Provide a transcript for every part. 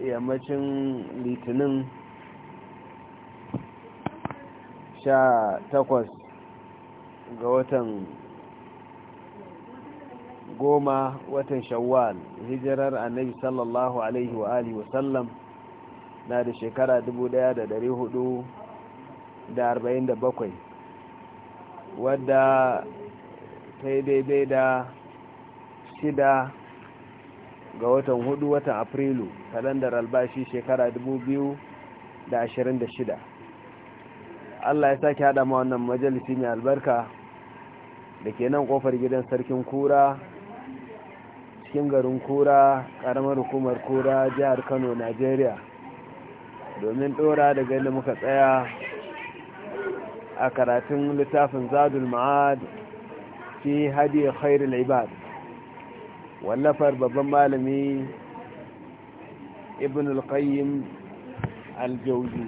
yammacin litinin 18 ga watan goma watan shawwal hijirar annabi sallallahu alaihi wa alihi wasallam na da shekara 1447 wadda ta yi daidai da shida ga watan hudu watan afrilu kalandar albashi shekara 2026 allah ya sake haɗa ma wannan majalisi mai albarka da ke nan kofar gidan sarkin kura cikin garin kura karamar hukumar kura jihar kano nigeria domin ɗora daga yadda muka tsaya a karatun littafin zadul ma'ad fi hadiyar khairul ibad wallafar babban malami ibn al-qayyim al-jawzi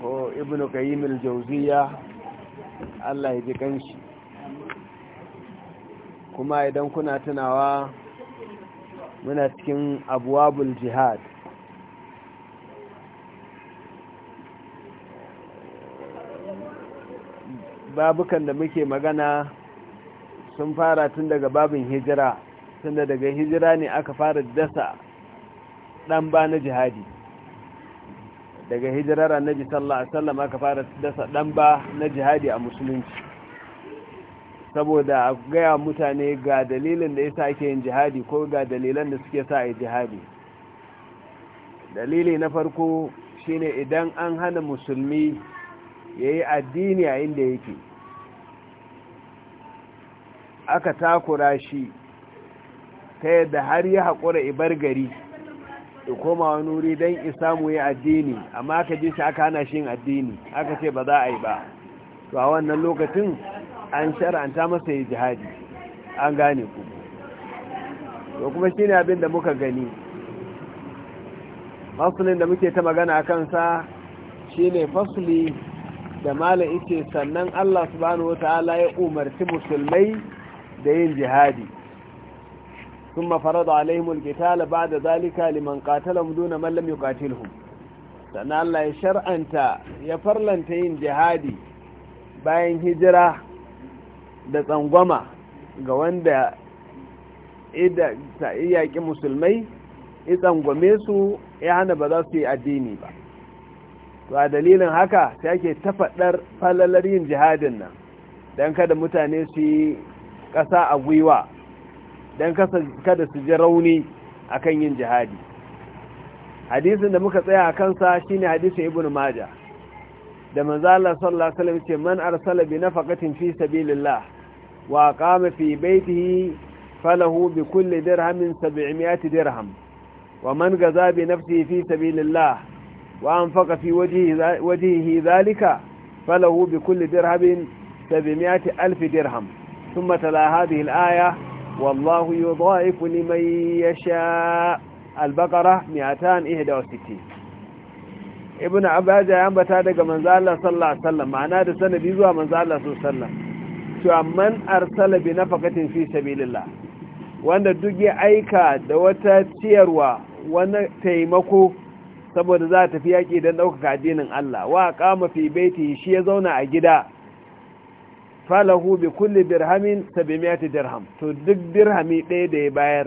ko ibn al-qayyim al-jawziya Allah ya ji kanshi kuma idan kuna tunawa muna cikin abwabul jihad babukan da muke magana sun fara tun daga babin hijira tun daga hijira ne aka fara dasa ɗan ba na jihadi daga hijirar annabi sallallahu alaihi wasallam aka fara dasa ɗan ba na jihadi a musulunci saboda a gaya mutane ga dalilin da yasa ake yin jihadi ko ga dalilan da suke sa a jihadi dalili na farko shine idan an hana musulmi yayi addini a inda yake aka takura shi ta yadda har yi haƙura ibar gari da koma wani wuri don isa mu yi addini amma aka ji shi aka hana shi yin addini aka ce ba za a yi ba to a wannan lokacin an shara'anta masa yi jihadi an gane ku to kuma shi ne abin da muka gani fasulin da muke ta magana a kansa shi ne fasuli da mala ita sannan allah subhanahu wa ta'ala ya umarci musulmai da yin jihadi sun mafarada alaihimul ba da zalika liman qatalahum duna mallam lam katilhu sannan Allah ya shar'anta ya farlanta yin jihadi bayan hijira da tsangwama ga wanda ida ta iyaki musulmai ya tsangwame su ya hana ba za su yi addini ba to a dalilin haka ta yake tafaɗar falalar yin jihadin nan don kada mutane su ƙasa a gwiwa don kada su ji rauni akan yin jihadi hadisin da muka tsaya a kansa shine hadisin ibn maja da manzala sallallahu alaihi wasallam ce man arsala bi nafaqatin fi sabilillah wa qama fi baytihi falahu bi kulli dirhamin 700 dirham wa man gaza bi nafsihi fi sabilillah wa anfaqa fi wajhihi zalika, falahu bi kulli dirhamin 700 alf dirham ثم تلا هذه الآية والله يضاعف لمن يشاء البقرة 261 ibn abaja ya ambata daga manzo sallallahu alaihi wasallam ma'ana da sanadi zuwa manzo Allah sallallahu alaihi wasallam cewa man arsala bi nafaqatin fi sabilillah wanda duk ya aika da wata ciyarwa wani taimako saboda za ta fi yaƙi don ɗaukaka addinin Allah wa kama fi baiti shi ya zauna a gida falahu bi kulli dirhamin 700 dirham to duk dirhami ɗaya da ya bayar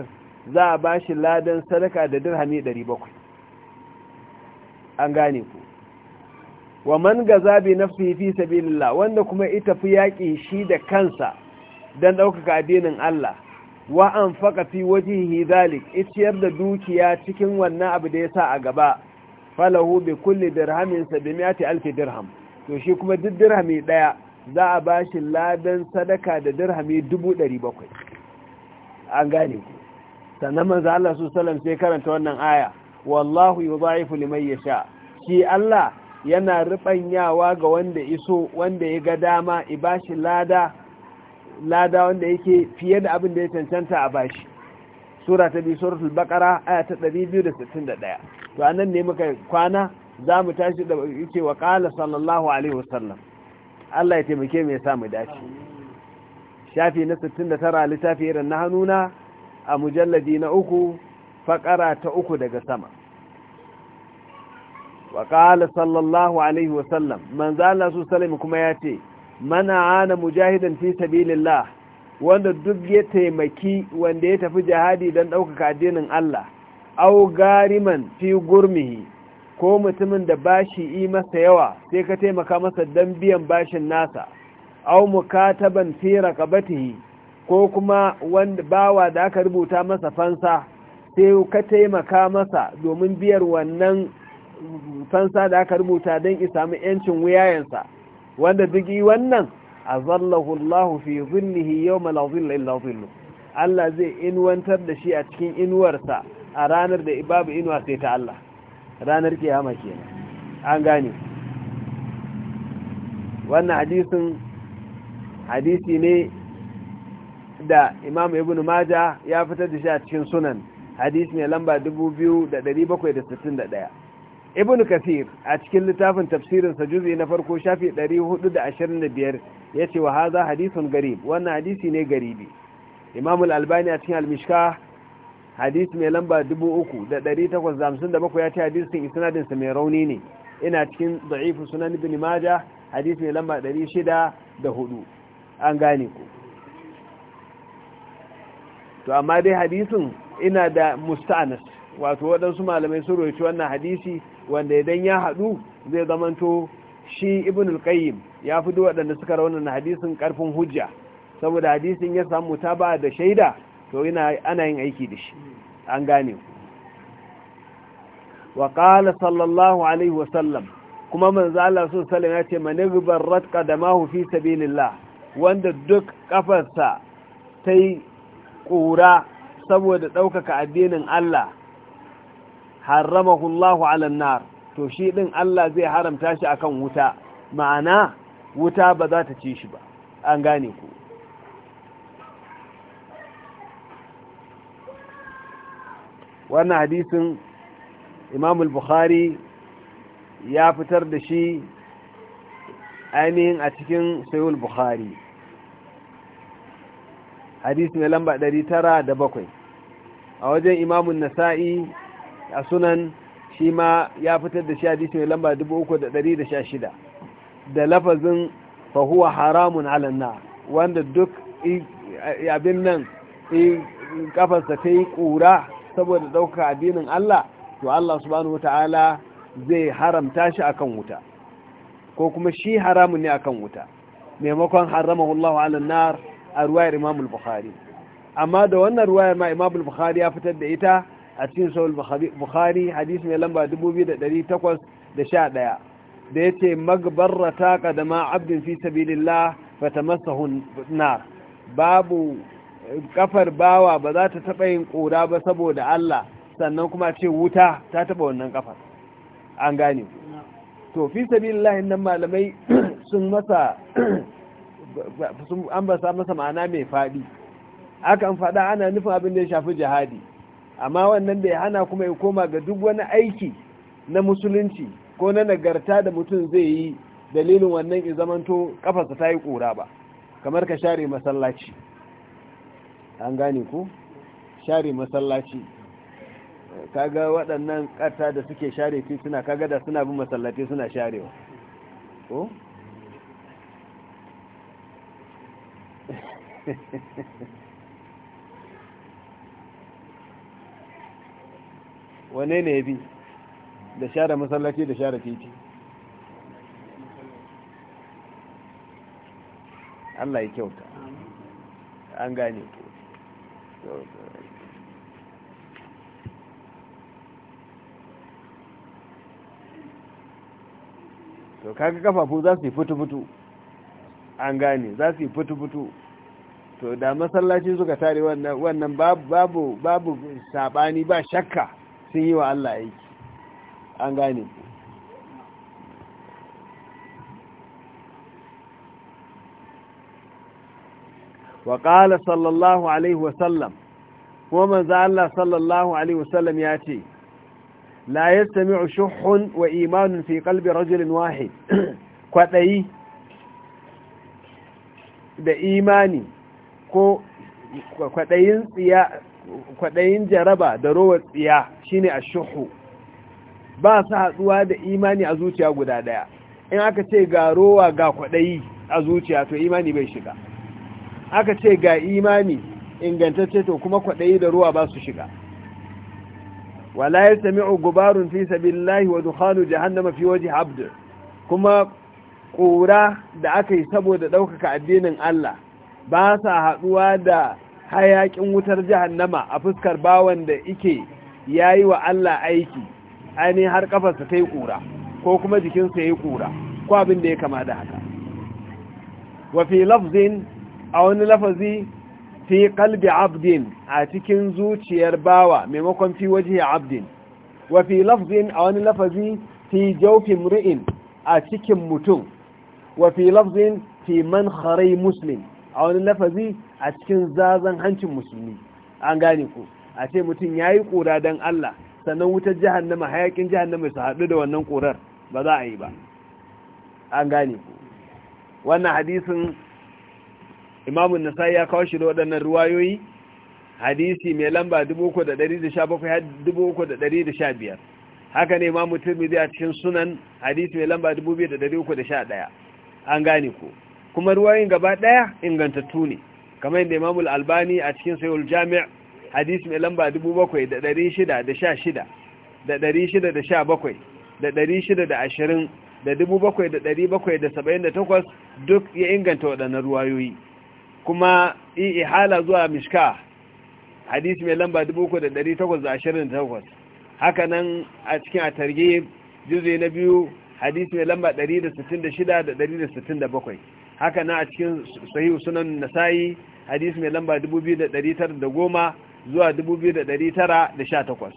za a ba shi ladan sadaka da dirhami 700 an gane ku wa man gaza bi nafsihi fi sabilillah wanda kuma ita fi yaƙi shi da kansa dan ɗaukaka addinin Allah wa an faka fi wajihi zalik iciyar da dukiya cikin wannan abu da ya sa a gaba falahu bi kulli dirhamin 700 alf dirham to shi kuma duk dirhami daya za a ba shi ladan sadaka da dirhami bakwai. an gane ku sannan manzo Allah su salam sai karanta wannan aya wallahu yudha'ifu liman yasha shi Allah yana ribanyawa ga wanda iso wanda ya ga dama i shi lada lada wanda yake fiye da abin da ya cancanta a bashi sura ta biyu suratul baqara aya ta 261 to anan ne muka kwana zamu tashi da yake wa qala sallallahu alaihi wasallam Allah ya taimake mai sa mu dace shafi na 69 littafi irin na hannuna a mujalladi na uku faƙara ta uku daga sama wa ƙala sallallahu alaihi wasallam manzo Allah su salim kuma ya ce mana ana mujahidan fi sabilillah wanda duk ya taimaki wanda ya tafi jihadi don ɗaukaka addinin Allah au gariman fi gurmihi ko mutumin da bashi yi masa yawa sai ka taimaka masa don biyan bashin nasa au mukataban fi raqabatihi ko kuma wanda bawa da aka rubuta masa fansa sai ka taimaka masa domin biyar wannan fansa da aka rubuta don isami yancin wuyayensa wanda digi wannan azallahu Allah fi zinnihi yawma la zilla illa zillu Allah zai inwantar da shi a cikin inuwarsa a ranar da babu inuwa sai ta Allah ranar kiyama ke an gane wannan hadisin hadisi ne da imam ibn maja ya fitar da shi a cikin sunan hadisi ne lamba 2761 ibn kasir a cikin littafin tafsirinsa juzi na farko shafi 425 ya ce wa haza hadisun garib wannan hadisi ne garibi imam al-albani a cikin al mishkah hadisi mai lamba 3857 ya ce hadisin isnadinsa mai rauni ne ina cikin da'ifu sunan ibn maja hadisi mai lamba 604 an gane ku to amma dai hadisin ina da musta'anas wato waɗansu malamai sun roci wannan hadisi wanda idan ya haɗu zai zamanto shi ibn al ya fi waɗanda suka raunin hadisin ƙarfin hujja saboda hadisin ya samu ta ba da shaida to yana ana yin aiki da shi an gane wa qala sallallahu alaihi wa sallam kuma manzo Allah sun sallam ya ce man ribarrat qadamahu fi sabilillah wanda duk kafarsa sai kura saboda ɗaukaka addinin Allah ala nar to shi din Allah zai haramta shi akan wuta ma'ana wuta ba za ta ci shi ba an gane ku wannan hadisin imam al-bukhari ya fitar da shi ainihin a cikin sayul bukhari hadisi mai lamba 907 a wajen imamun nasa'i a sunan shi ma ya fitar da shi hadisi mai lamba 316 da lafazin fahuwa haramun alanna wanda duk abin nan kafarsa ta yi ƙura saboda ɗauka addinin Allah to Allah subhanahu wata'ala zai haramta shi akan wuta ko kuma shi haramun ne akan wuta maimakon haramahu Allah ala nar a ruwayar Imam al-Bukhari amma da wannan ruwayar ma Imam al-Bukhari ya fitar da ita a cikin Sahih bukhari hadisi mai lamba 2811 da yace magbarrata qadama abdin fi sabilillah fatamassahu nar babu kafar bawa ba za ta taɓa yin ƙura ba saboda Allah sannan kuma ce wuta ta taɓa wannan kafar an gane to fi sabilillahi nan malamai sun masa ba sa masa ma'ana mai faɗi akan faɗa ana nufin abin da ya shafi jihadi amma wannan ya hana kuma ya koma ga duk wani aiki na musulunci ko na nagarta da mutum zai yi dalilin wannan izamanto kafarsa ta yi ƙura ba kamar ka share masallaci an gane ku share masallaci kaga waɗannan ƙasa da suke share suna kaga da suna bin masallaci suna sharewa ko wane ne bi da share masallaci da share titi Allah ya kyauta an gane ku to kaga kafafu za su yi fitu-fitu an gane za su yi fitu-fitu to da masallaci suka tare wannan babu babu sabani ba shakka sun yi wa Allah aiki an gane ku wa ƙala sallallahu alaihi wasallam kuma manzo Allah sallallahu alaihi wasallam ya ce la sami shuhun wa imanin fi qalbi rajulin wahid kwadayi da imani ko kwadayin tsiya kwadayin jaraba da rowar tsiya shine a ashuhu ba su haduwa da imani a zuciya guda ɗaya in aka ce ga rowa ga kwadayi a zuciya to imani bai shiga aka ce ga imani ingantacce to kuma kwaɗayi da ruwa ba su shiga wala ya sami gubarun fi sabilillahi wa dukhanu jahannama fi waje abdu kuma ƙura da aka yi saboda ɗaukaka addinin Allah ba sa haɗuwa da hayaƙin wutar jahannama a fuskar bawan da ike yi wa Allah aiki ainihin har ƙafarsa ta yi ƙura ko kuma jikinsa ya yi ƙura ko abin da ya kama da haka wafi lafzin a wani lafazi fi kalbi abdin a cikin zuciyar bawa maimakon fi waje abdin wa fi lafazin a wani lafazi fi jaufin ri'in a cikin mutum wa fi lafazin fi harai muslim a wani lafazi a cikin zazan hancin musulmi an gane ku a ce mutum ya yi ƙura don Allah sannan wutar jihannama hayakin jihannama su haɗu da wannan ƙurar ba za a yi ba an gane ku wannan hadisin imamun nasai ya kawo shi da waɗannan ruwayoyi hadisi mai lamba biyar. haka ne imamu turmizi a cikin sunan hadisi mai lamba 2,311 an gane ku kuma ruwayoyin gaba ɗaya ingantattu ne kamar yadda imamun albani a cikin sayul jami'a hadisi mai lamba 7,616 da shida da shida, da 7,778 duk ya inganta waɗannan ruwayoyi kuma yi ihala zuwa mishka hadisi mai lamba 3828 haka nan a cikin a targe juzi na biyu hadisi mai lamba 166 da 167 haka nan a cikin sahihu sunan Nasayi, hadisi mai lamba 2910 zuwa 2918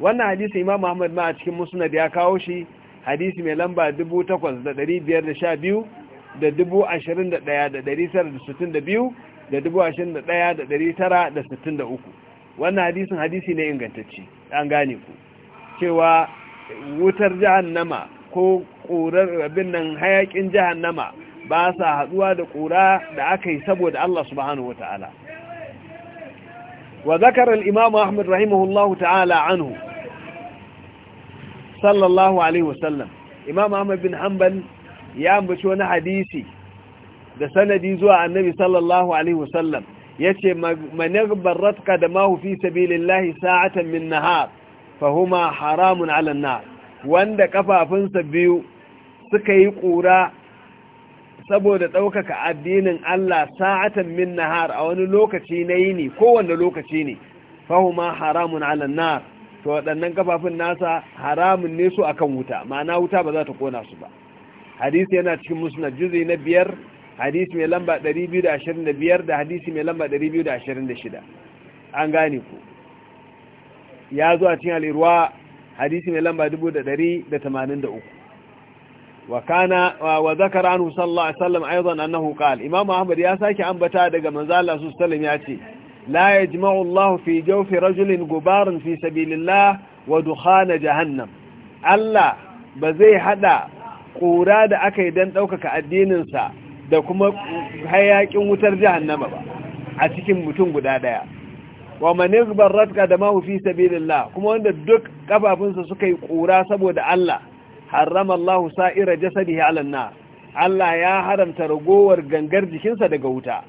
wannan hadisi imam muhammad ma a cikin musnad ya kawo shi hadisi mai lamba 8512 da dubu ashirin da ɗaya da ɗari tara da sittin da biyu da dubu ashirin da ɗaya da ɗari tara da sittin da uku wannan hadisin hadisi ne ingantacci an gane ku cewa wutar jahannama ko ƙurar rabin nan hayaƙin jahannama ba sa haɗuwa da ƙura da aka yi saboda Allah subhanahu wa ta'ala wa zakar al'imamu Ahmad rahimahullahu ta'ala anhu sallallahu alaihi wasallam imam Ahmad bin Hanbal ya ambaci wani hadisi da sanadi zuwa annabi sallallahu alaihi wasallam yace man yaghbaratka da mahu fi sabilillahi sa'atan min nahar fahuma haramun 'ala wanda kafafunsa biyu suka yi ƙura saboda ɗaukaka addinin Allah sa'atan min nahar a wani lokaci na yini wanda lokaci ne fahuma haramun 'ala an-nar to waɗannan kafafun nasa haramun ne su akan wuta ma'ana wuta ba za ta kona su ba hadisi yana cikin musnad juzi na biyar hadisi mai lamba 225 da hadisi mai lamba 226 an gane ku ya zo a cikin alirwa hadisi mai lamba 183 وكان وذكر عنه صلى الله عليه وسلم ايضا انه قال Imam Ahmad ya ساكي ambata daga manzo Allah sallallahu alaihi wasallam yace la yajma'u Allah fi jawfi rajulin gubaran fi sabilillah wa dukhana jahannam Allah ba zai haɗa. ƙura da aka yi don ɗaukaka addininsa da kuma hayakin wutar jahannama ba a cikin mutum guda ɗaya wa manin ratka da mahu fi sabilillah kuma wanda duk ƙafafunsa suka yi ƙura saboda Allah harrama Allah sa'ira jasadi ala Allah ya haramta ragowar gangar jikinsa daga wuta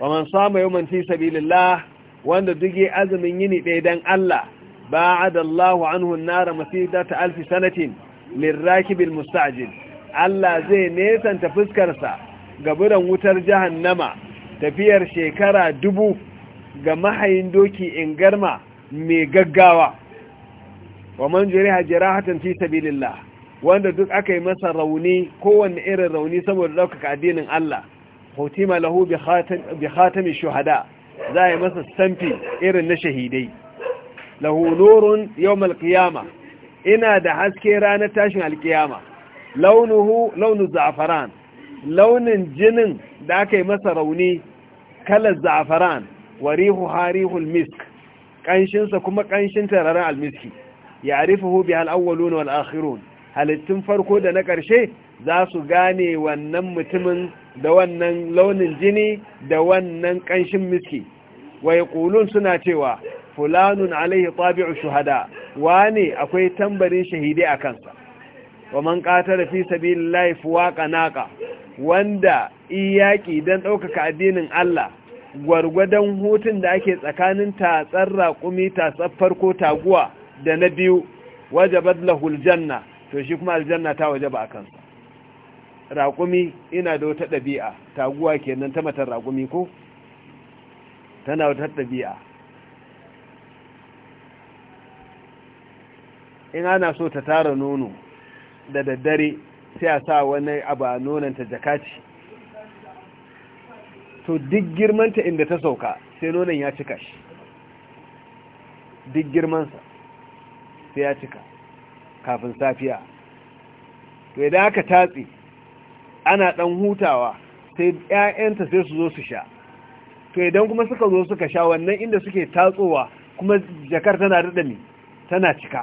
wa man sama yawman fi sabilillah wanda duk yi azumin yini ɗaya dan Allah ba'ada Allahu anhu an alfi lirrakibil musta'jil Allah zai nesanta fuskarsa ga biran wutar jahannama tafiyar shekara dubu ga mahayin doki in garma mai gaggawa wa man jariha jarahatan fi sabilillah wanda duk aka yi masa rauni kowanne irin rauni saboda daukaka addinin Allah hutima lahu bi khatami shuhada za yi masa stamfi irin na shahidai lahu nurun yawmal ina da haske ranar tashin alkiyama launuhu launu za'afaran launin jinin da aka yi masa rauni kalar za'afaran wa rihu harihul misk kanshinsa kuma kanshin tararen almiski ya rifuhu bi al'awwalu na al'akhirun halittun farko da na ƙarshe za su gane wannan mutumin da wannan launin jini da wannan kanshin miski wai kulun suna cewa fulanun alaihi tabi'u shuhada wani akwai tambarin shahidai a kansa wa man qatala fi sabilillahi fuwaqa naqa wanda iyaki dan daukaka addinin Allah gwargwadon hutun da ake tsakanin tatsar raƙumi tatsar ko taguwa da na biyu wajabat lahul janna to shi kuma aljanna ta wajaba a kansa raƙumi ina da wata ɗabi'a taguwa kenan ta matar raƙumi ko tana wata ɗabi'a in ana so ta tara nono da daddare sai a sa wani abu a nonanta jakaci to duk girmanta inda ta sauka sai nonon ya cika shi duk girmansa sai ya cika kafin safiya to idan aka tatsi ana dan hutawa sai ƴaƴanta sai su zo su sha to idan kuma suka zo suka sha wannan inda suke tatsowa kuma jakar tana daɗa ne tana cika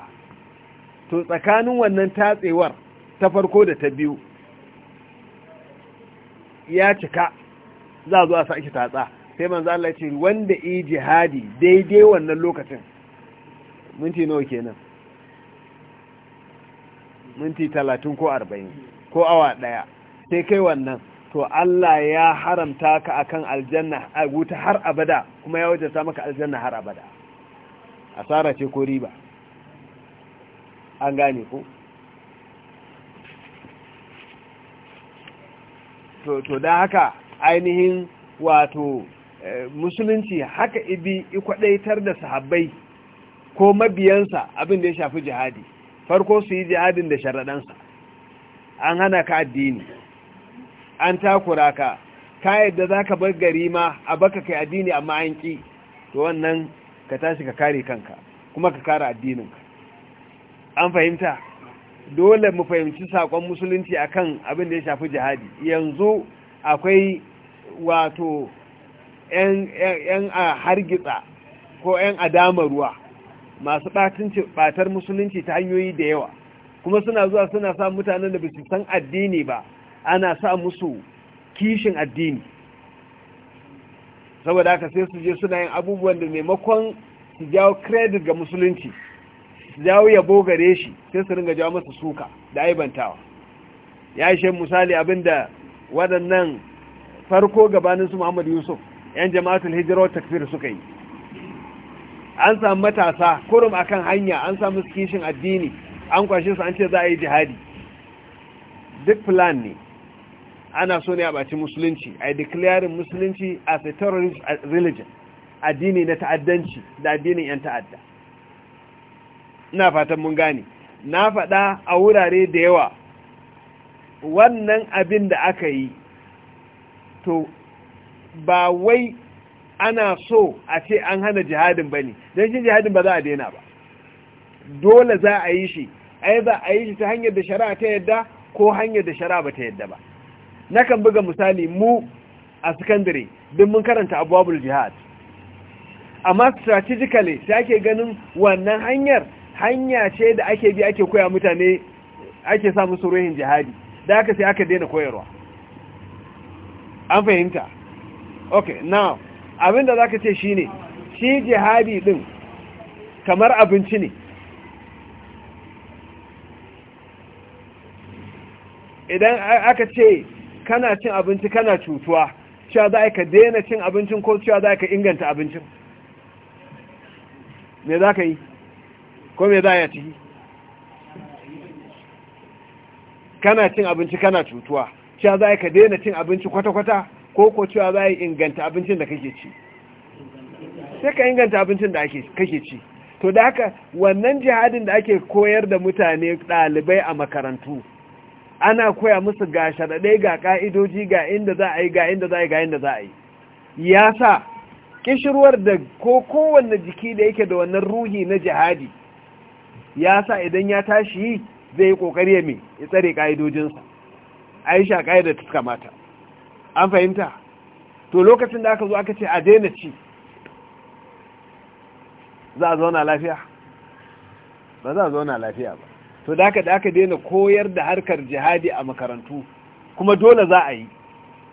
to tsakanin wannan tatsewar ta farko da ta biyu ya cika za a zo a sake tatsa sai za Allah ce wanda yi jihadi daidai wannan lokacin minti nawa kenan minti talatin ko arba'in ko awa ɗaya sai kai wannan to Allah ya haramta ka akan aljanna a wuta har abada kuma ya wajata maka aljanna har abada asara ce ko riba an gane ko to da haka ainihin wato eh, musulunci haka ibi ikwadaitar da sahabbai ko mabiyansa abin da ya shafi jihadi farko su yi jihadin da sharaɗansa an hana ka addini an takura ka ka yadda zaka bar gari ma a baka kai addini amma an ki to wannan ka tashi ka kare kanka kuma ka kare addinin ka. an fahimta dole mu fahimci sakon musulunci akan abin da ya shafi jihadi yanzu akwai wato yan a hargitsa ko yan a ruwa masu batar musulunci ta hanyoyi da yawa kuma suna zuwa suna sa mutanen da bisu san addini ba ana sa musu kishin addini saboda haka sai su je suna yin abubuwan da maimakon su jawo kredit ga musulunci su ya bogare gare shi sai su ringa jawo masa suka da aibantawa ya shan misali abinda waɗannan farko gabanin su Muhammad Yusuf yan jama'atul hijira takfir suka yi an samu matasa kurum akan hanya an samu kishin addini an kwashe su an ce za a yi jihadi duk plan ne ana so ne a ɓaci musulunci a declaring musulunci as a terrorist religion addini na ta'addanci da addinin 'yan ta'adda ina fatan mun gane na faɗa a wurare da yawa wannan abin da aka yi to ba wai ana so a ce an hana jihadin ba ne don shi jihadin ba za a daina ba dole za a yi shi ai za a yi shi ta hanyar da shari'a ta yadda ko hanyar da shari'a ba ta yadda ba nakan buga misali mu a sakandare don mun karanta abubuwan jihad amma strategically ta ake ganin wannan hanyar hanya ce da ake bi ake koya mutane ake sa musu ruhin jihadi da aka sai aka daina koyarwa an fahimta ok now abinda za ka ce shi ne shi jihadi din kamar abinci ne idan aka ce kana cin abinci kana cutuwa cewa za ka daina cin abincin ko cewa za ka inganta abincin me za ka yi ko me za a ciki kana cin abinci kana cutuwa cewa za ka daina cin abinci kwata-kwata ko ko cewa za inganta abincin da kake ci sai ka inganta abincin da kake ci to da haka wannan jihadin da ake koyar da mutane ɗalibai a makarantu ana koya musu ga sharaɗai ga ƙa'idoji ga inda za a yi ga inda za a yi ga inda za a yi ya sa ƙishirwar da ko kowanne jiki da yake da wannan ruhi na jihadi ya sa idan ya tashi zai yi kokari ya mai ya tsare ka'idojinsa aisha da ta kamata an fahimta to lokacin da aka zo aka ce a daina ci za a zauna lafiya ba za a zauna lafiya ba to da aka da aka daina koyar da harkar jihadi a makarantu kuma dole za a yi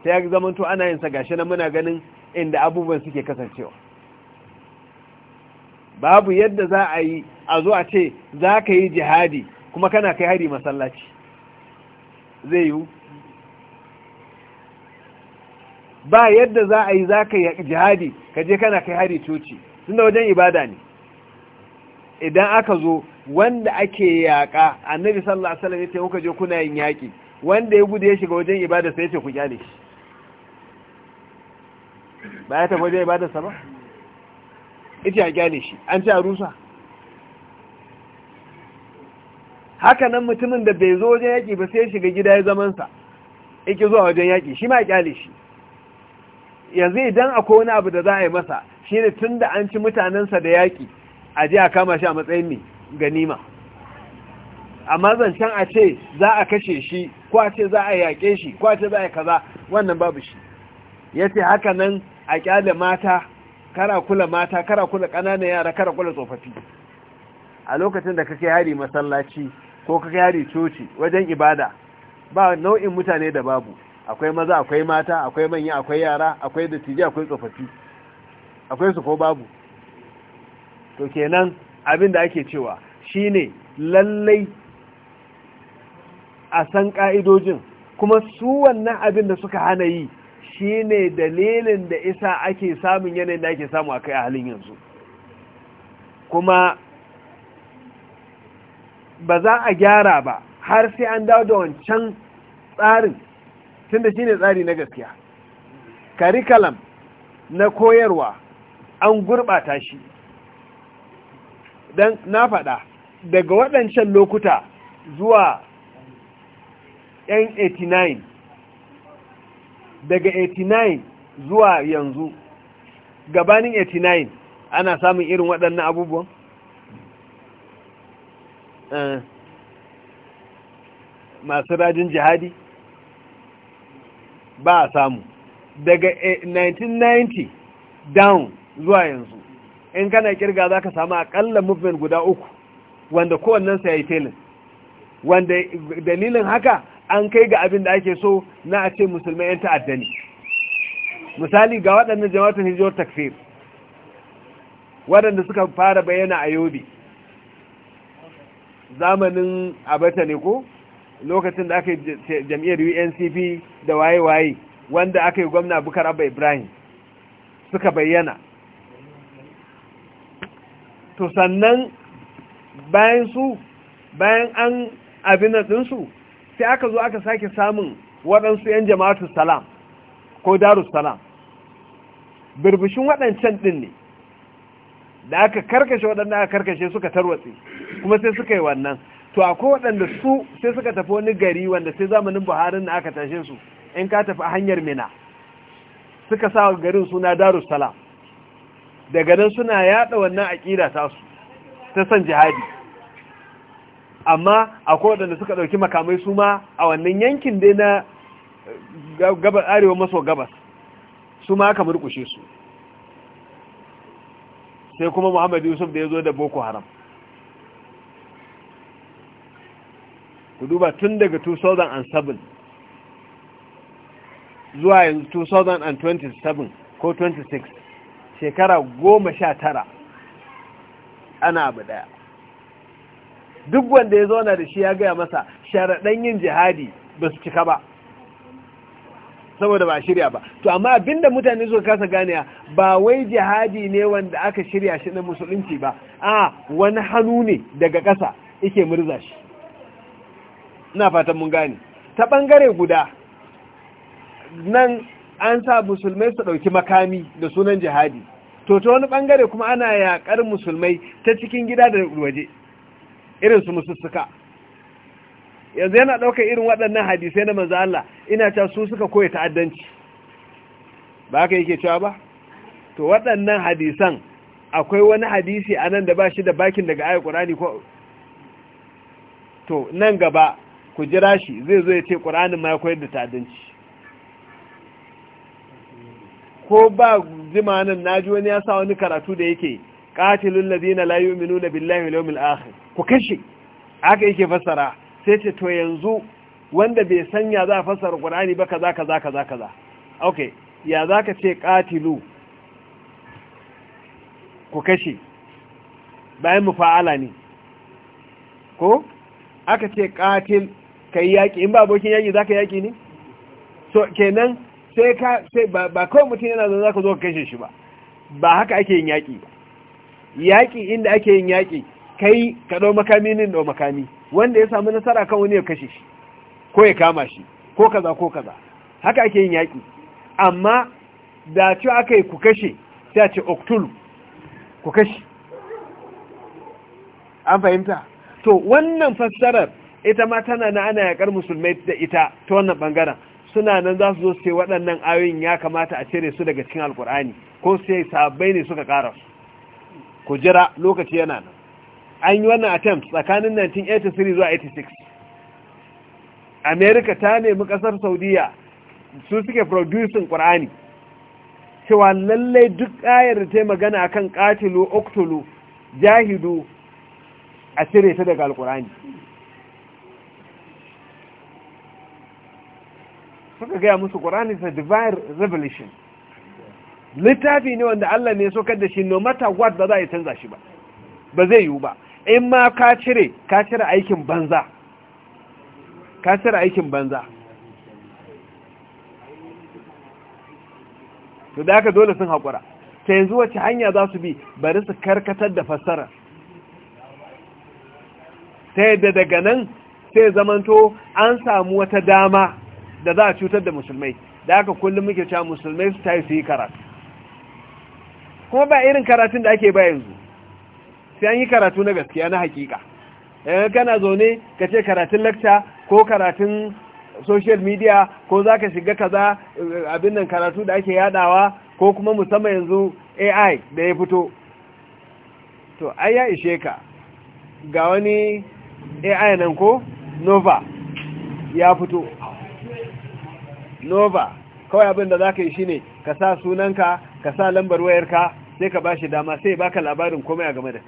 ta ya zamanto ana yin sa gashi na muna ganin inda abubuwan suke kasancewa babu yadda za a yi a zo a ce za ka yi jihadi kuma kana kai hari masallaci zai yiwu ba yadda za a yi za ka yi jihadi ka je kana kai hari coci da wajen ibada ne idan aka zo wanda ake yaƙa annabi sallallahu alaihi wasallam yace kuka je kuna yin yaƙi wanda ya gudu ya shiga wajen ibada sai ya ce ku kyale shi ba ya tafi wajen ibada sa ba ita ya gane shi an ce a rusa haka nan mutumin da bai zo wajen yaƙi ba sai shiga gida ya zamansa yake zuwa wajen yaƙi shi ma ya shi yanzu idan akwai wani abu da za a yi masa shi ne tun da an ci mutanensa da yaƙi a je a kama shi a matsayin ne ganima amma zancen a ce za a kashe shi ko a ce za a yaƙe shi ko a ce za a yi kaza wannan babu shi ya ce haka nan a ƙyale mata kana kula mata kana kula ƙananan yara kana kula tsofaffi a lokacin da kake hari masallaci ko kake hari coci wajen ibada ba nau'in mutane da babu akwai maza akwai mata akwai manya akwai yara akwai dattijai akwai tsofaffi akwai su ko babu to kenan abin da ake cewa shine lallai a san ka'idojin kuma su wannan abin da suka hana yi Shi ne dalilin da isa ake samun yanayin da ake samu a kai a halin yanzu kuma ba za a gyara ba har sai an dawo da wancan tsarin tun da ne tsari na gaskiya karikalam na koyarwa an gurɓata shi don na faɗa daga waɗancan lokuta zuwa 89 daga 89 zuwa yanzu gabanin 89 ana samun irin waɗannan abubuwan eh. masu rajin jihadi ba a samu daga 1990 eh, down zuwa yanzu in kana kirga za ka samu akalla movement guda uku wanda kowannensa ya yi telin wanda dalilin haka an kai ga abin da ake so na a ce musulman 'yan ta'adda ne misali ga waɗannan jama'atun hijiyar takfir waɗanda suka fara bayyana a yobe zamanin abata ne ko lokacin da aka yi jam'iyyar uncp da waye-waye wanda aka yi gwamna bukar abba ibrahim suka bayyana to sannan bayan su bayan an abin ɗinsu sai aka zo aka sake samun waɗansu 'yan jama'atu salam ko darus salam birbishin waɗancan ɗin ne da aka karkashe waɗanda aka karkashe suka tarwatse kuma sai suka yi wannan to akwai waɗanda su sai suka tafi wani gari wanda sai zamanin buharin na aka tashe su in ka tafi hanyar mina suka sa garin suna darus salam daga nan suna yaɗa wannan aƙida tasu ta san jihadi amma akwai waɗanda suka ɗauki makamai su ma a wannan yankin dai na eh, gabar arewa maso gabas su ma aka murkushe su sai kuma muhammad yusuf da ya zo da boko haram ku duba tun daga 2007 zuwa yanzu 2027 ko 26 shekara goma sha tara ana abu daya duk wanda ya zauna da shi ya gaya masa sharaɗan yin jihadi ba su cika ba saboda ba a shirya ba to amma abinda mutane suka kasa ganiya ba wai jihadi ne wanda aka shirya shi na musulunci ba a wani hannu ne daga ƙasa yake murza shi ina fatan mun gane ta ɓangare guda nan an sa musulmai su ɗauki makami da sunan jihadi to ta wani ɓangare kuma ana yaƙar musulmai ta cikin gida da waje irin su musussuka yanzu yana ɗaukar irin waɗannan hadisai na manzo Allah ina ta su suka koya ta'addanci ba haka yake cewa ba to waɗannan hadisan akwai wani hadisi a nan da ba shi da bakin daga ayat ƙurani ko to nan gaba ku jira shi zai zo ya ce ƙuranin ma ya koyar da ta'addanci ko ba nan na ji wani ya sa wani karatu da yake qatilul ladina la yu'minuna billahi wal yawmil akhir ku kashe haka yake fassara sai ce to yanzu wanda bai sanya za a fassara qur'ani ba kaza kaza kaza kaza okay ya zaka ce qatilu ku kashe bayan mufa'ala ne ko aka ce qatil kai yaki in ba abokin yaki zaka yaki ne so kenan sai ka sai ba kawai mutum yana zo zaka zo ka kashe shi ba ba haka ake yin yaki ba yaƙi inda ake yin yaƙi kai ka ɗau makami nin ɗau makami wanda ya samu nasara kan wani ya kashe shi ko ya kama shi ko kaza ko kaza haka ake yin yaƙi amma da ci aka yi ku kashe sai ce oktul ku kashe an fahimta to wannan fassarar ita ma tana na ana yaƙar musulmai da ita ta wannan ɓangaren suna nan za su zo su ce waɗannan ayoyin ya kamata a cire su daga cikin alkur'ani ko sai sabbai ne suka ƙara su ku jira lokaci yana nan an yi wannan attempt tsakanin 1983 zuwa 86 america ta nemi kasar saudiya su suke producing ƙur'ani cewa lallai duk ayar da ta magana akan katilu oktulu jahidu a cire ta daga alkurani suka gaya musu ƙur'ani sa divine revelation littafi ne wanda Allah ne so da shi no matter what ba za a canza shi ba ba zai yiwu ba in ma ka cire aikin banza ka cire aikin banza to da aka dole sun haƙura ta yanzu wacce hanya za su bi bari su karkatar da fassara ta yadda daga nan sai zamanto an samu wata dama da za a cutar da musulmai da aka kullum muke cewa musulmai su ta yi su yi karatu kuma ba irin karatun da ake ba yanzu sai an yi karatu na gaskiya na hakika yanzu eh, kana zaune ka ce karatun lakta ko karatun social media ko za ka shiga kaza eh, abin nan karatu da ake yadawa ko kuma musamman yanzu ai da ya fito to ai ya ishe ka ga wani ai nan ko nova ya fito nova kawai abin da za ka yi shi ne ka sa sunanka ka sa lambar wayarka sai ka bashi dama sai baka labarin komai a game da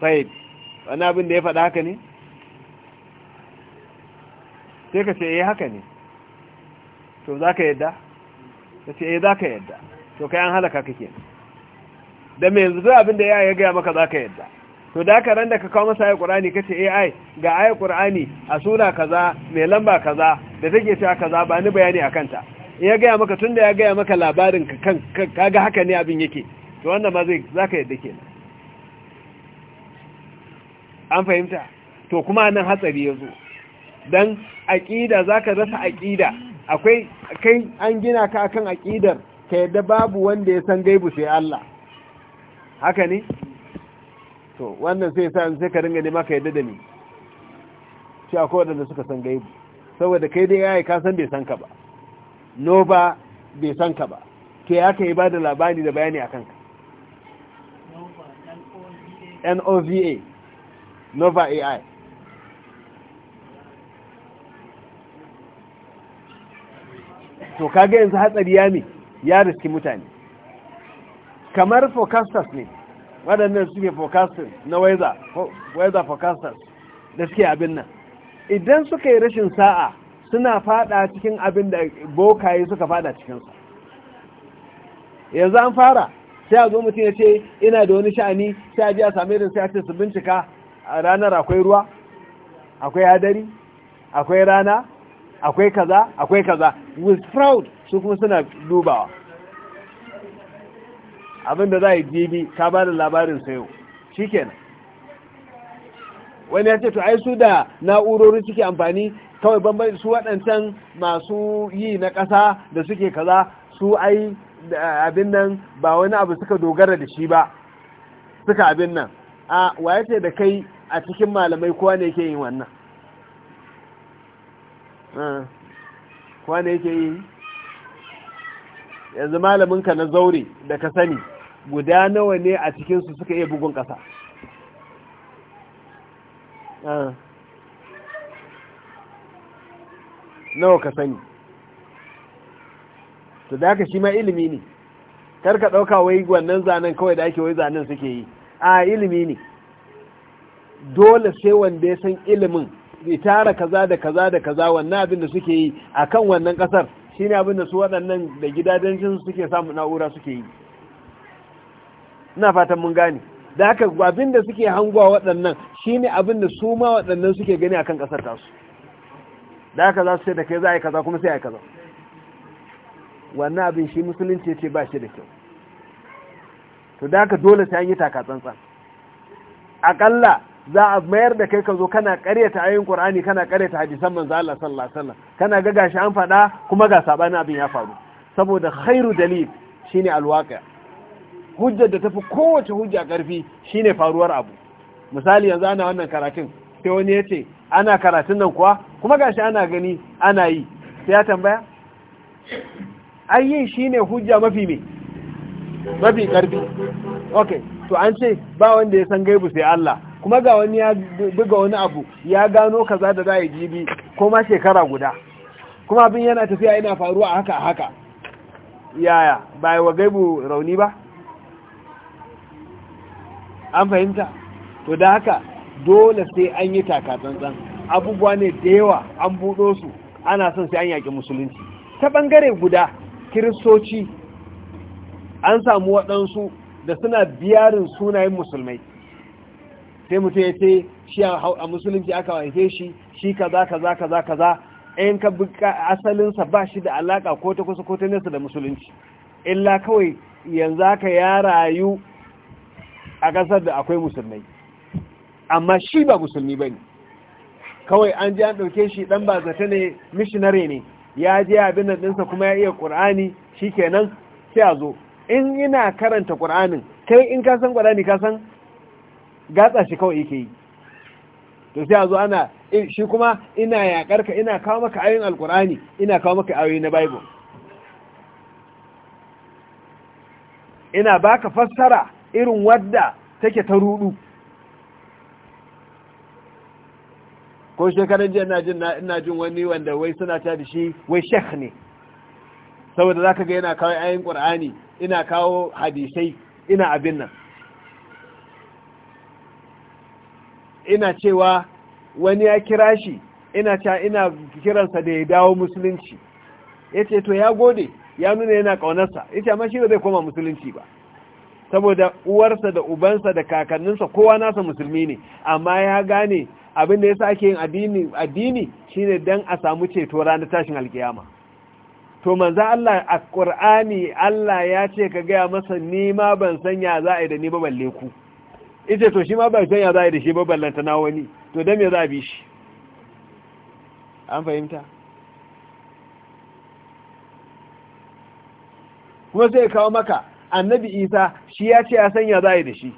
sai wani abin da ya faɗa haka ne sai ka ce eh haka ne to za ka yadda ka ce eh za ka yadda to kai an halaka kake da mai yanzu abin da ya ya gaya maka za ka yadda to da aka randa ka kawo masa ayat qur'ani ka ce eh, ai ga ayat qur'ani a sura kaza mai lamba kaza da take cewa kaza ba ni bayani a kanta. ya gaya maka tun da ya gaya maka labarin ka kaga haka ne abin yake to wannan ma zai zaka yadda kenan an fahimta to kuma nan hatsari ya zo don aƙida za ka rasa aƙida akwai kai an gina ka akan aƙidar ka yadda babu wanda ya san gaibu sai Allah haka ne? to wannan sai sa sai ka ringa nema ka yadda da ni shi akwai waɗanda suka san gaibu saboda kai dai ya yi kasan bai san ka ba noba bai san ka ba to ya ka yi ba da labari da bayani a kanka nova nova ai to kaga yanzu hatsari ya ne ya riski mutane kamar forecasters ne waɗannan suke forecasters na weather forecasters da suke abin nan idan suka yi rashin sa'a suna fada cikin abin da bokaye suka fada cikinsa yanzu an fara sai a zo mutum ya ce ina da wani sha'ani sai a ji a sami irin sai a ce su bincika ranar akwai ruwa akwai hadari akwai rana akwai kaza akwai kaza with fraud su kuma suna dubawa Abin da za a yi jibi ka ba da labarin sayo shi kenan wani ya ce to ai su da na'urori suke amfani kawai bambari su waɗancan masu yi na ƙasa da suke kaza su ai abin nan ba wani abu suka dogara da shi ba suka abin nan a waye ce da kai a cikin malamai kowa ne yake yin wannan kowa ne ke yi yanzu malaminka na zaure da ka sani guda nawa ne a cikinsu suka iya bugun ƙasa nawa ka sani to da shi ma ilimi ne kar ka ɗauka wai wannan zanen kawai da ake wai zanen suke yi a ilimi ne dole sai wanda ya san ilimin zai tara kaza da kaza da kaza wannan abin da suke yi a kan wannan ƙasar shi ne abin da su waɗannan da gidajen suke samu na'ura suke yi ina fatan mun gane da haka abin da suke hangowa waɗannan shi ne abin da su ma waɗannan suke gani a kan ƙasar tasu da aka za su ce da kai za a yi kaza kuma sai a yi kaza wannan abin shi musulunci ce ba shi da kyau to da aka dole sai an yi taka tsantsan akalla za a mayar da kai ka zo kana karyata ayoyin qur'ani kana karyata hadisan manzo Allah sallallahu alaihi wasallam kana ga gashi an faɗa kuma ga sabani abin ya faru saboda khairu dalil shine alwaqi hujjar da tafi kowace hujja karfi shine faruwar abu misali yanzu ana wannan karatun sai wani ya ce ana karatun nan kuwa kuma ga shi ana gani ana yi sai ya tambaya yi shi ne hujja mafi me mafi karfi ok to an ce ba wanda ya san gaibu sai Allah kuma ga wani ya buga wani abu ya gano kaza da za a jibi ko ma shekara guda kuma abin yana tafiya yana faruwa a haka a haka yaya ba wa gaibu rauni ba an fahimta to da haka dole sai an yi takatsantsan abubuwa ne da yawa an buɗo su ana son sai an yaƙi musulunci ta ɓangare guda kiristoci an samu waɗansu da suna biyarin sunayen musulmai sai mutum ya ce shi a musulunci aka haife shi shi kaza kaza kaza kaza ɗayan ka asalinsa ba shi da alaƙa ko ta kusa ko ta nesa da musulunci illa kawai yanzu aka ya rayu a ƙasar da akwai musulmai amma shi ba musulmi ba ne kawai an ji an ɗauke shi ɗan ba zata ne mishinare ne ya je abin nan ɗinsa kuma ya iya ƙur'ani shi kenan sai a zo in ina karanta ƙur'anin kai in ka san ƙur'ani ka san gatsa shi kawai yake yi to sai a zo ana eh, shi kuma ina yaƙar ka ina kawo maka ayoyin alƙur'ani ina kawo maka ayoyi na bible ina baka fassara irin wadda take ta rudu ko shekaran jiya ina jin wani wanda wai suna ta da shi wai shekh ne saboda za ka ga yana kawo ayin ƙur'ani ina kawo hadisai ina abin nan ina cewa wani ya kira shi ina ta ina kiransa da ya dawo musulunci ya ce to ya gode ya nuna yana ƙaunarsa ya ce amma shi ba zai koma musulunci ba saboda uwarsa da ubansa da kakanninsa kowa nasa musulmi ne amma ya gane abin da ya ake yin addini addini shine dan a samu ceto ranar tashin alkiyama to manzo Allah a Qur'ani Allah ya ce ka gaya masa ni ma ban sanya za a yi da ni ba balle ku ita to shi ma ban sanya za a yi da shi ba ballanta na wani to dan me za a bi shi an fahimta kuma sai kawo maka annabi isa shi ya ce a sanya za a da shi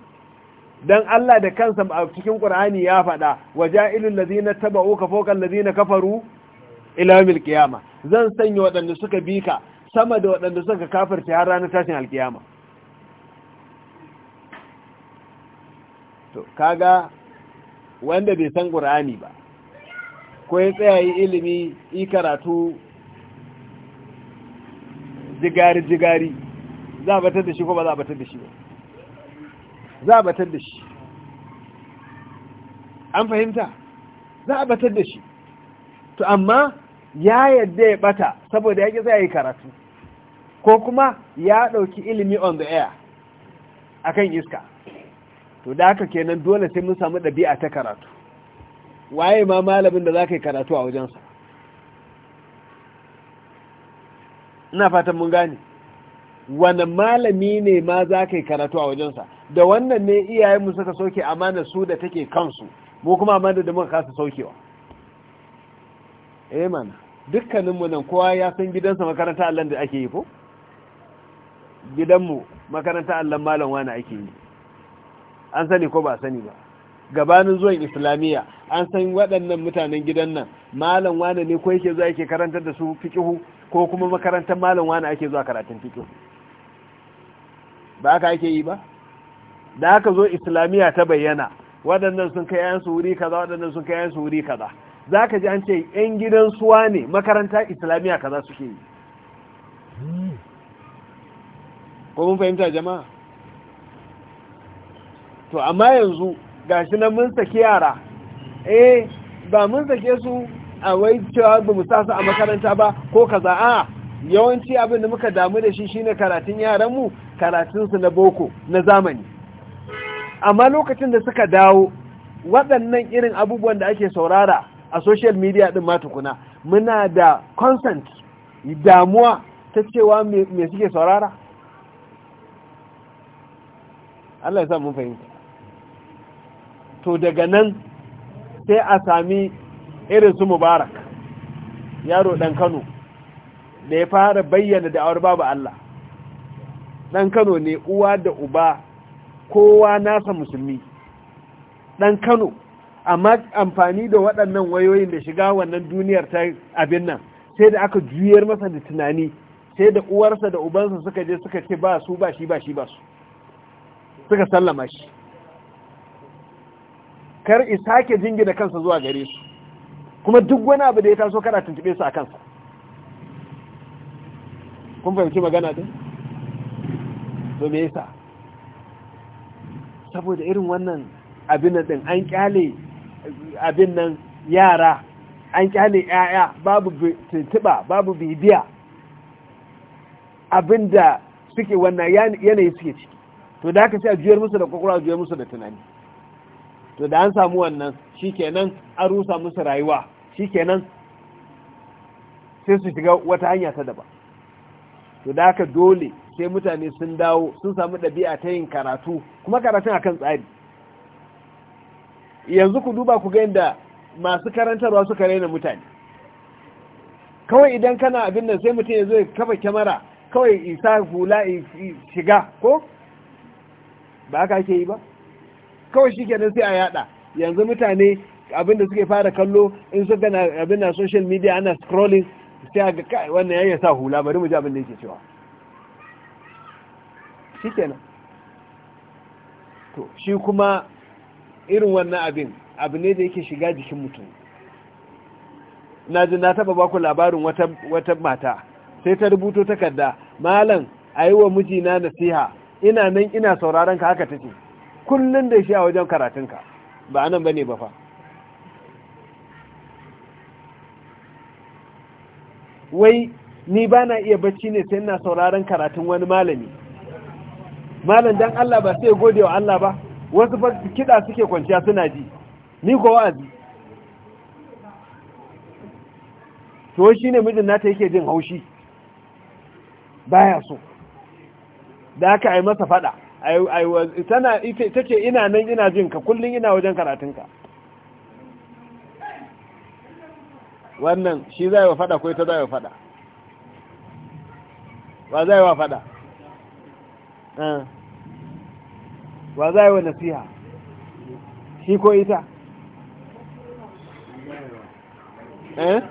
Don Allah da kansa a cikin ƙur'ani ya faɗa taba uka, fokan fawqa alladina kafaru ila kiyama zan sanya waɗanda suka bi ka sama da waɗanda suka ce har ranar tashin alkiyama kaga wanda bai san ƙur'ani ba ko ya ilimi yi karatu jigari jigari za a batar da shi ko ba za a batar da shi ba za a batar da shi an fahimta za a batar da shi to amma ya yadda ya bata saboda ya ƙi za ya yi karatu ko kuma ya ɗauki ilimi on the air akan iska to da haka kenan dole sai mun samu ɗabi'a ta karatu waye ma malamin da za ka yi karatu a wajensa ina fatan mun gane wani malami ne ma za ka yi karatu a wajensa da wannan ne iyayenmu suka soke amana su da take kansu mu kuma amana da muka kasa saukewa amen eh, mana dukkaninmu nan kowa ya san gidansa makaranta allon da ake yi ko gidanmu makaranta allon malam wani ake yi an sani ko ba sani ba gabanin zuwan islamiyya an san waɗannan mutanen gidan nan malam wani ne ko yake zuwa yake karantar da su fikihu ko kuma makarantar malam wani ake zuwa karatun fikihu ba ka ake yi ba da aka zo islamiyya ta bayyana waɗannan sun kai 'yansu wuri kaza waɗannan sun kai 'yansu wuri kaza za ka ji an ce yan gidan suwa ne makaranta islamiyya kaza suke yi ko mun fahimta jama'a to amma yanzu gashi nan mun saki yara eh ba mun sake su a wai cewa ba mu sa su a makaranta ba ko kaza a yawanci abin da muka damu da shi shine karatun yaran mu karatunsu na boko na zamani amma lokacin da suka dawo waɗannan irin abubuwan da ake saurara a social media ɗin ma tukuna muna da consent damuwa ta cewa me suke saurara Allah ya sa mun fahimta to daga nan sai a sami irin su mubarak yaro ɗan kano da ya fara bayyana da'awar babu Allah ɗan kano ne uwa da uba kowa nasa musulmi ɗan kano amma amfani da waɗannan wayoyin da shiga wannan duniyar ta abin nan sai da aka juyar masa da tunani sai da uwarsa da ubansa suka je suka ce ba su ba shi ba shi ba su suka sallama shi kar isake jingina kansa zuwa gare su kuma duk wani abu da ya taso kada tuntube su a kansa kun fahimci magana din to me yasa saboda irin wannan abin nan din an kyale abin nan yara an kyale yaya babu tintiba babu bibiya abin da suke wannan yanayi suke ciki to da aka sai a juyar musu da kwakwalwa juyar musu da tunani to da an samu wannan shikenan an rusa musu rayuwa shikenan sai su shiga wata hanya ta daba to da aka dole sai mutane sun dawo sun samu ɗabi'a ta yin karatu kuma karatun akan tsari yanzu ku duba ku ga da masu karantarwa suka raina mutane kawai idan kana abin nan sai mutum ya zo ya kafa kyamara kawai isa hula shiga ko ba haka ake yi ba kawai shi kenan sai a yada yanzu mutane abin da suke fara kallo in suka na abin na social media ana scrolling sai a ga wannan ya sa hula bari mu ji abin da yake cewa kenan to shi kuma irin wannan abin abu ne da yake shiga jikin mutum na ji na taba baku labarin wata mata sai ta rubuto takarda malam a yi wa mijina nasiha ina nan ina sauraron ka haka take kullum da shi a wajen karatunka ba anan ba ne ba fa wai ni ba na iya bacci ne sai na sauraron karatun wani malami malam dan Allah ba sai gode wa Allah ba wasu fa kiɗa suke kwanciya suna ji ni ko wa'azi to shine mijin nata yake jin haushi baya so da aka ai masa fada tana ita ce ina nan ina jin ka kullum ina wajen karatunka wannan shi zai wa fada ko ita zai wa fada ba zai wa fada Eh. wa za yi wa nasiha shi ko ita eh?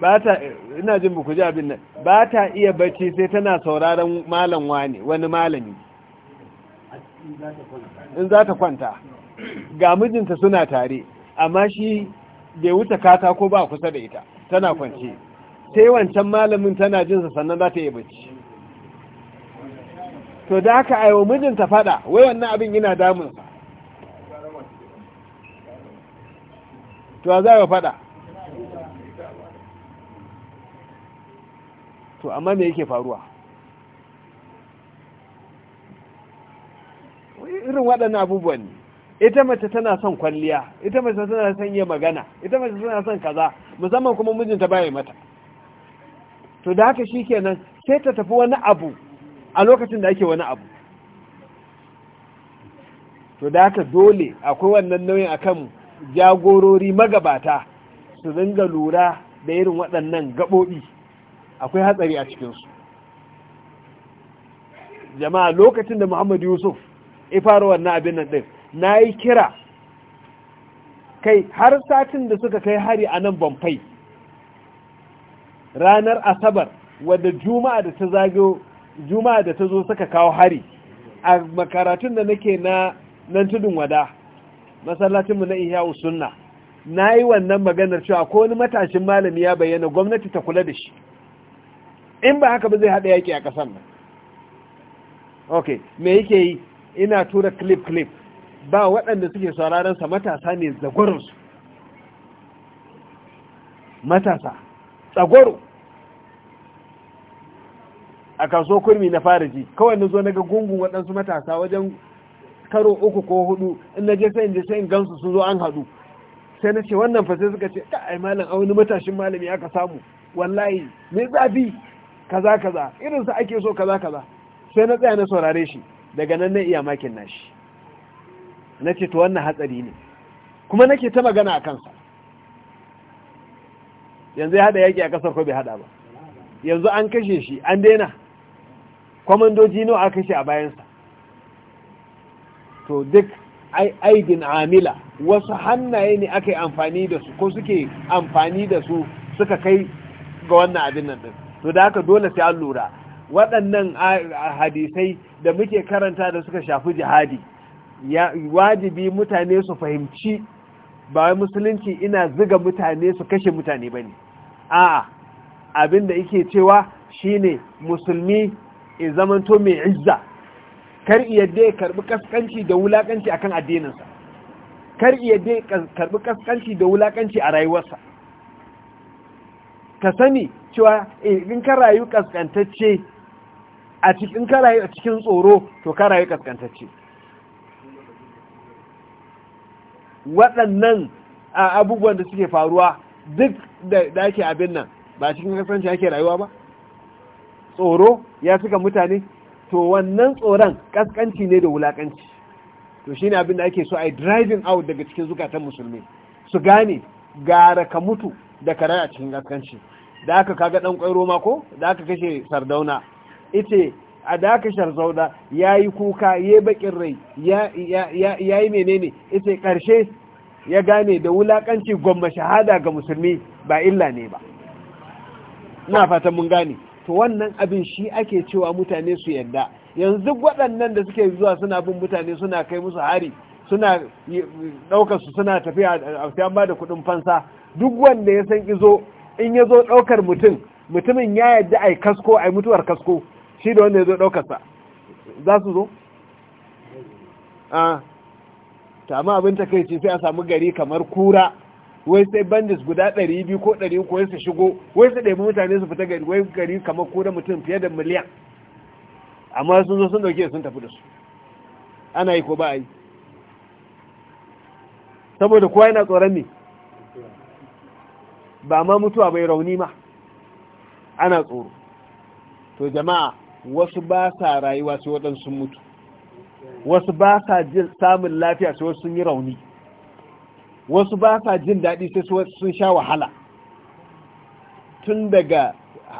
ba ta ina jin buku ji nan ba ta iya bacci sai tana sauraron malam ne wani malami in za ta kwanta ga mijinta suna tare amma shi bai wuce katako ba kusa da ita tana kwance sai wancan malamin tana jinsa sannan za ta yi bacci to da aka aiwa mijinta fada wai wannan abin yana damunsa to a za ka fada to amma me yake faruwa irin waɗannan abubuwan ne ita mace tana son kwalliya ita mace tana son yi magana ita mace tana son kaza musamman kuma mijinta baya mata to da haka shi kenan sai ta tafi wani abu a lokacin da ake wani abu to da haka dole akwai wannan nauyin akan jagorori magabata su dinga lura da irin waɗannan gaɓoɓi akwai hatsari a cikinsu jama'a lokacin da muhammad yusuf ya fara wannan abin nan ɗin na yi kira kai har satin da suka kai hari a nan bamfai ranar asabar wadda juma'a da ta zage juma'a da ta zo suka kawo hari a makaratun da nake na nan tudun wada masallacinmu na ihya sunna na yi wannan maganar cewa ko wani matashin malami ya bayyana gwamnati ta kula da shi in ba haka ba zai haɗa yaƙi a ƙasar nan ok me yake yi ina tura clip clip ba waɗanda suke sauraransa sa matasa ne zagwaransu matasa tsagwaro a kaso kurmi na faraji kawai na zo na ga gungun waɗansu matasa wajen karo uku ko hudu in na je sai in je in gansu sun zo an haɗu sai na ce wannan fa suka ce ka ai malam a wani matashin malami aka samu wallahi me zafi kaza kaza irin ake so kaza kaza sai na tsaya na saurare shi daga nan na iya makin nashi na ce to wannan hatsari ne kuma nake ta magana a kansa yanzu ya hada yaki a kasar ko bai hada ba yanzu an kashe shi an daina kwamandoji nawa aka kashe a bayansa to duk aidin amila wasu hannaye ne aka yi amfani da su ko suke amfani da su suka kai ga wannan abin nan din to da haka dole sai an lura waɗannan hadisai da muke karanta da suka shafi jihadi wajibi mutane su fahimci ba wai musulunci ina ziga mutane su kashe mutane ba ne a'a abinda yake cewa shine musulmi ya zamanto mai izza kar yadda ya karbi kaskanci da wulakanci akan addininsa kar yadda ya karbi kaskanci da wulakanci a rayuwarsa ka sani cewa eh, in ka rayu kaskantacce a cikin ka rayu a cikin tsoro to ka rayu kaskantacce waɗannan abubuwan da suke faruwa duk da ake abin nan ba cikin kasance ake rayuwa ba tsoro ya suka mutane to wannan tsoron kaskanci ne da wulakanci to shine abin da ake so a driving out daga cikin zukatan musulmi su gane gara ka mutu da karar a cikin kaskanci da aka kaga ɗan kwairo ma ko da aka kashe sardauna ita a dakashar zauda ya yi kuka ya yi bakin rai ya yi menene ita karshe ya gane da wulaƙanci gwamma shahada ga musulmi ba illa ne ba na fatan mun gane to wannan abin shi ake cewa mutane su yadda yanzu waɗannan da suke zuwa suna bin mutane suna kai musu hari suna ɗaukar suna tafiya a fiyan ba da kuɗin fansa duk wanda ya san izo in ya zo ɗaukar mutum mutumin ya yadda a yi kasko a yi mutuwar kasko shi da wanda ya zo ɗaukarsa za su zo? Ta ma abin ta kai ce sai a samu gari kamar kura wai sai bandis guda 200 ko 100 wai su shigo wai su ɗaibi mutane su fita gari wai gari kamar kura mutum fiye da miliyan amma sun zo sun dauke sun tafi da su ana yi ko ba a yi saboda kowa yana tsoron ne ba ma mutuwa bai rauni ma ana tsoro to jama'a wasu ba sa rayuwa sai waɗansu mutu wasu ba sa samun lafiya sai wasu sun yi rauni wasu ba sa jin daɗi sai sun sha wahala tun daga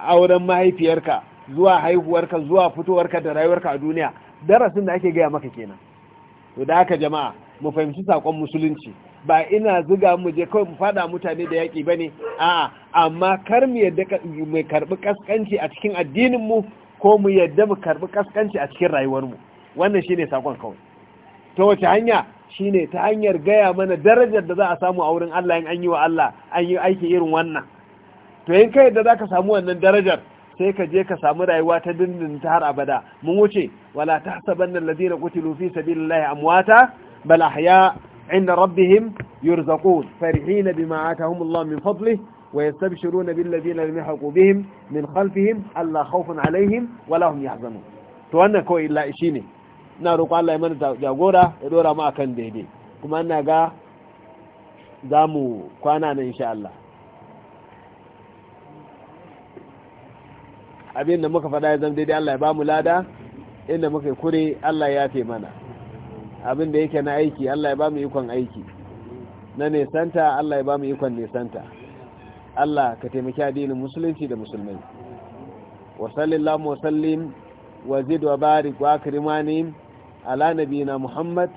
auren mahaifiyarka zuwa haihuwarka zuwa fitowarka da rayuwarka a duniya darasin da ake gaya maka kenan to da haka jama'a mu fahimci sakon musulunci ba ina zuga mu je kawai mu fada mutane da yaƙi bane a'a amma kar mu yadda mai karbi kaskanci a cikin addinin mu ko mu yadda mu karbi kaskanci a cikin rayuwarmu wannan shine sakon kawai ta wace hanya shine ta hanyar gaya mana darajar da za a samu a wurin Allah in an yi wa Allah an yi aiki irin wannan to in kai da zaka samu wannan darajar sai ka je ka samu rayuwa ta dindin ta har abada mun wuce wala tahsabanna alladhina qutilu fi sabilillahi amwata bal ahya inda rabbihim yurzaqun farihina bima atahumullahu min fadlihi ويستبشرون بالذين لم يحقوا بهم من خلفهم الا خوف عليهم ولا هم يحزنون to wannan kawai illa shi ina roƙon Allah ya mana jagora ya dora mu akan daidai kuma ina ga za mu kwana nan insha Allah abin da muka faɗa ya zama daidai Allah ya ba mu lada inda muka yi kure Allah ya yafe mana abin da yake na aiki Allah ya ba mu ikon aiki na nesanta Allah ya ba mu ikon nesanta Allah ka taimaki addinin musulunci da musulmai wa sallallahu wa wa zid wa barik wa akrimani ala nabiyina Muhammad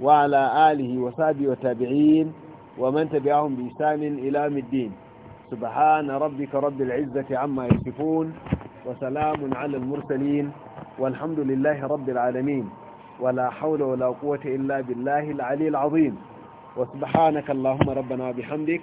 wa ala alihi wa sahbihi wa tabi'in wa man tabi'ahum bi ihsanin ila yawmiddin subhana rabbika rabbil izzati amma yasifun wa salamun ala al mursalin walhamdulillahi rabbil alamin ولا حول ولا قوة إلا بالله العلي العظيم وسبحانك اللهم ربنا بحمدك